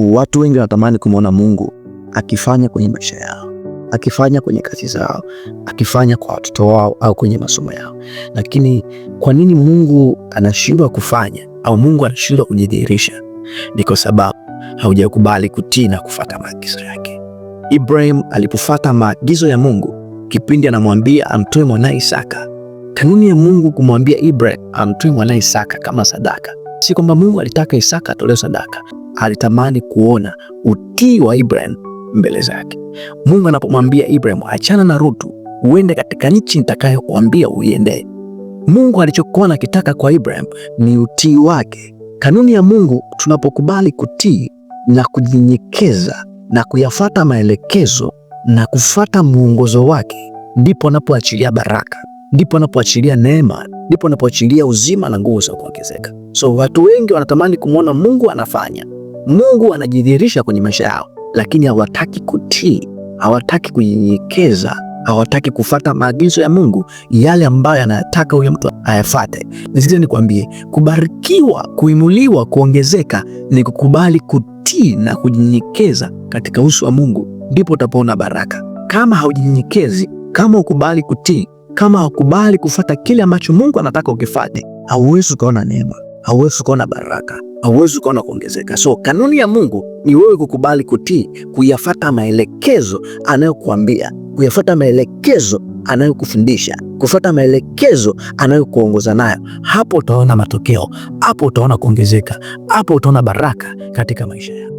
Watu wengi wanatamani kumwona Mungu akifanya kwenye maisha yao, akifanya kwenye kazi zao, akifanya kwa watoto wao au kwenye masomo yao. Lakini kwa nini Mungu anashindwa kufanya au Mungu anashindwa kujidhihirisha? Ni kwa sababu haujakubali kutii na kufata maagizo yake. Ibrahim alipofata maagizo ya Mungu kipindi anamwambia amtoe mwanae Isaka, kanuni ya Mungu kumwambia Ibrahim amtoe mwanae Isaka kama sadaka Si kwamba Mungu alitaka Isaka atolewe sadaka, alitamani kuona utii wa Ibrahim mbele zake. Mungu anapomwambia Ibrahim, achana na Rutu, uende katika nchi nitakayokuambia uiende. Mungu alichokuwa anakitaka kwa Ibrahim ni utii wake. Kanuni ya Mungu, tunapokubali kutii na kujinyekeza na kuyafata maelekezo na kufata mwongozo wake, ndipo anapoachilia baraka, ndipo anapoachilia neema, ndipo anapoachilia uzima na nguvu za kuongezeka. So watu wengi wanatamani kumwona Mungu anafanya, Mungu anajidhihirisha kwenye maisha yao, lakini hawataki kutii, hawataki kujinyenyekeza, hawataki kufata maagizo ya Mungu, yale ambayo anayataka huyo mtu ayafate. Nisikize nikwambie, kubarikiwa, kuinuliwa, kuongezeka ni kukubali kutii na kujinyenyekeza katika uso wa Mungu, ndipo utapoona baraka. Kama haujinyenyekezi, kama ukubali kutii, kama haukubali kufata kile ambacho Mungu anataka ukifate, hauwezi ukaona neema hauwezi kuona baraka, hauwezi kuona kuongezeka. So kanuni ya Mungu ni wewe kukubali kutii, kuyafata maelekezo anayokuambia, kuyafata maelekezo anayokufundisha, kufata maelekezo anayokuongoza nayo. Hapo utaona matokeo, hapo utaona kuongezeka, hapo utaona baraka katika maisha yako.